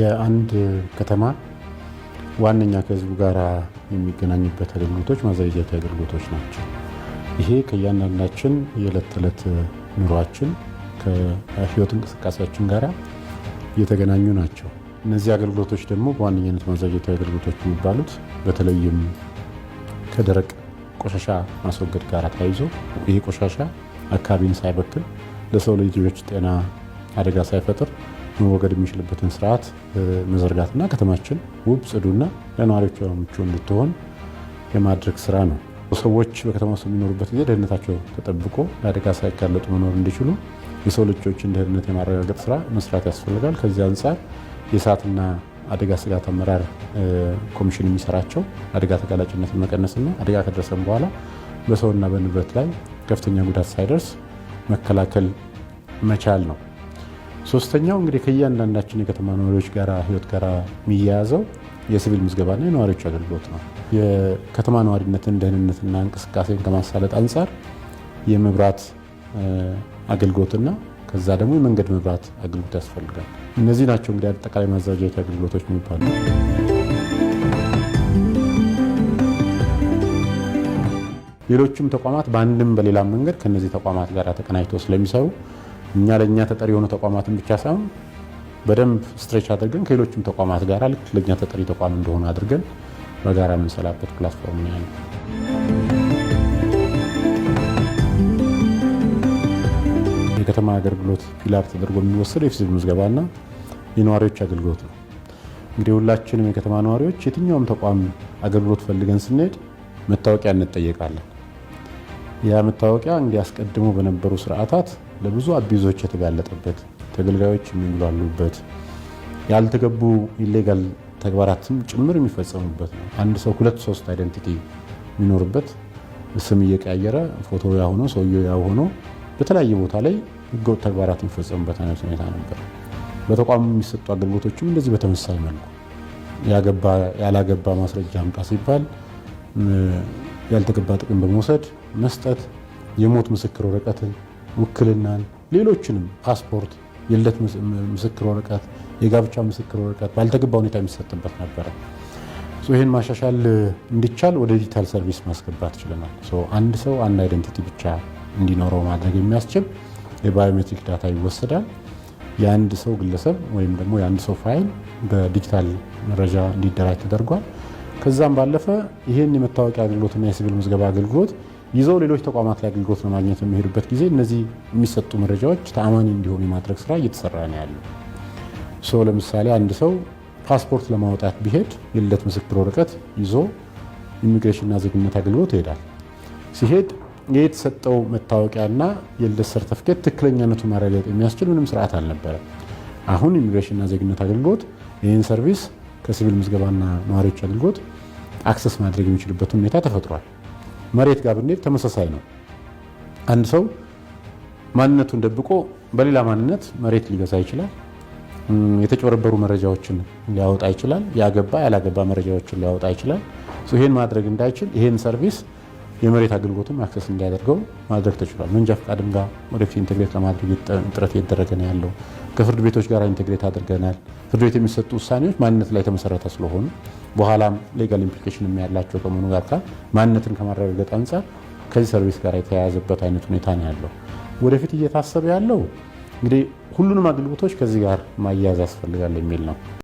የአንድ ከተማ ዋነኛ ከህዝቡ ጋር የሚገናኝበት አገልግሎቶች ማዘጋጃት አገልግሎቶች ናቸው። ይሄ ከእያንዳንዳችን የዕለት ተዕለት ኑሯችን ከህይወት እንቅስቃሴያችን ጋር እየተገናኙ ናቸው። እነዚህ አገልግሎቶች ደግሞ በዋነኛነት ማዘጋጃታዊ አገልግሎቶች የሚባሉት በተለይም ከደረቅ ቆሻሻ ማስወገድ ጋር ተያይዞ ይህ ቆሻሻ አካባቢን ሳይበክል ለሰው ልጆች ጤና አደጋ ሳይፈጥር መወገድ የሚችልበትን ስርዓት መዘርጋትና ከተማችን ውብ ጽዱና ለነዋሪዎች ምቹ እንድትሆን የማድረግ ስራ ነው። ሰዎች በከተማ ውስጥ የሚኖሩበት ጊዜ ደህንነታቸው ተጠብቆ ለአደጋ ሳይጋለጡ መኖር እንዲችሉ የሰው ልጆችን ደህንነት የማረጋገጥ ስራ መስራት ያስፈልጋል። ከዚህ አንጻር የእሳትና አደጋ ስጋት አመራር ኮሚሽን የሚሰራቸው አደጋ ተጋላጭነትን መቀነስና አደጋ ከደረሰም በኋላ በሰውና በንብረት ላይ ከፍተኛ ጉዳት ሳይደርስ መከላከል መቻል ነው። ሶስተኛው እንግዲህ ከእያንዳንዳችን የከተማ ነዋሪዎች ጋር ህይወት ጋር የሚያያዘው የሲቪል ምዝገባና የነዋሪዎች አገልግሎት ነው። የከተማ ነዋሪነትን ደህንነትና እንቅስቃሴን ከማሳለጥ አንጻር የመብራት አገልግሎትና ከዛ ደግሞ የመንገድ መብራት አገልግሎት ያስፈልጋል። እነዚህ ናቸው እንግዲህ አጠቃላይ ማዘጋጃት አገልግሎቶች የሚባሉ። ሌሎችም ተቋማት በአንድም በሌላም መንገድ ከነዚህ ተቋማት ጋር ተቀናጅተው ስለሚሰሩ እኛ ለእኛ ተጠሪ የሆኑ ተቋማትን ብቻ ሳይሆን በደንብ ስትሬች አድርገን ከሌሎችም ተቋማት ጋር ልክ ለእኛ ተጠሪ ተቋም እንደሆኑ አድርገን በጋራ የምንሰላበት ፕላትፎርም ነው ያለው። የከተማ አገልግሎት ፒላር ተደርጎ የሚወሰደው የፍትህ ምዝገባና የነዋሪዎች አገልግሎት ነው። እንግዲህ ሁላችንም የከተማ ነዋሪዎች የትኛውም ተቋም አገልግሎት ፈልገን ስንሄድ መታወቂያ እንጠየቃለን። ያ መታወቂያ እንግዲህ አስቀድሞ በነበሩ ስርዓታት ለብዙ አቢዞች የተጋለጠበት ተገልጋዮች የሚንግላሉበት ያልተገቡ ኢሌጋል ተግባራትም ጭምር የሚፈጸሙበት ነው። አንድ ሰው ሁለት ሶስት አይደንቲቲ የሚኖርበት ስም እየቀያየረ ፎቶ ያሆኖ ሰውየ ያሆኖ በተለያየ ቦታ ላይ ህገወጥ ተግባራት የሚፈጸሙበት አይነት ሁኔታ ነበር። በተቋም የሚሰጡ አገልግሎቶችም እንደዚህ በተመሳሳይ መልኩ ያላገባ ማስረጃ አምጣ ሲባል ያልተገባ ጥቅም በመውሰድ መስጠት የሞት ምስክር ወረቀትን ውክልናን፣ ሌሎችንም ፓስፖርት፣ የልደት ምስክር ወረቀት፣ የጋብቻ ምስክር ወረቀት ባልተገባ ሁኔታ የሚሰጥበት ነበረ። ይህን ማሻሻል እንዲቻል ወደ ዲጂታል ሰርቪስ ማስገባት ችለናል። አንድ ሰው አንድ አይደንቲቲ ብቻ እንዲኖረው ማድረግ የሚያስችል የባዮሜትሪክ ዳታ ይወሰዳል። የአንድ ሰው ግለሰብ ወይም ደግሞ የአንድ ሰው ፋይል በዲጂታል መረጃ እንዲደራጅ ተደርጓል። ከዛም ባለፈ ይህን የመታወቂያ አገልግሎትና የሲቪል ምዝገባ አገልግሎት ይዘው ሌሎች ተቋማት ላይ አገልግሎት ለማግኘት በሚሄዱበት ጊዜ እነዚህ የሚሰጡ መረጃዎች ተአማኒ እንዲሆኑ የማድረግ ስራ እየተሰራ ነው ያለው። ሰው ለምሳሌ አንድ ሰው ፓስፖርት ለማውጣት ቢሄድ የልደት ምስክር ወረቀት ይዞ ኢሚግሬሽንና ዜግነት አገልግሎት ይሄዳል። ሲሄድ የተሰጠው መታወቂያና የልደት ሰርተፍኬት ትክክለኛነቱ ማረጋገጥ የሚያስችል ምንም ስርዓት አልነበረ። አሁን ኢሚግሬሽንና ዜግነት አገልግሎት ይህን ሰርቪስ ከሲቪል ምዝገባና ነዋሪዎች አገልግሎት አክሰስ ማድረግ የሚችልበት ሁኔታ ተፈጥሯል። መሬት ጋር ብንሄድ ተመሳሳይ ነው። አንድ ሰው ማንነቱን ደብቆ በሌላ ማንነት መሬት ሊገዛ ይችላል። የተጭበረበሩ መረጃዎችን ሊያወጣ ይችላል። ያገባ ያላገባ መረጃዎችን ሊያወጣ ይችላል። ይህን ማድረግ እንዳይችል ይህን ሰርቪስ የመሬት አገልግሎትን አክሰስ እንዲያደርገው ማድረግ ተችሏል። መንጃ ፈቃድም ጋር ወደፊት ኢንቴግሬት ለማድረግ ጥረት እየተደረገ ነው ያለው። ከፍርድ ቤቶች ጋር ኢንቴግሬት አድርገናል። ፍርድ ቤት የሚሰጡ ውሳኔዎች ማንነት ላይ የተመሰረተ ስለሆኑ በኋላም ሌጋል ኢምፕሊኬሽን ያላቸው ከመሆኑ ጋር ማንነትን ከማረጋገጥ አንጻር ከዚህ ሰርቪስ ጋር የተያያዘበት አይነት ሁኔታ ነው ያለው። ወደፊት እየታሰበ ያለው እንግዲህ ሁሉንም አገልግሎቶች ከዚህ ጋር ማያያዝ ያስፈልጋል የሚል ነው።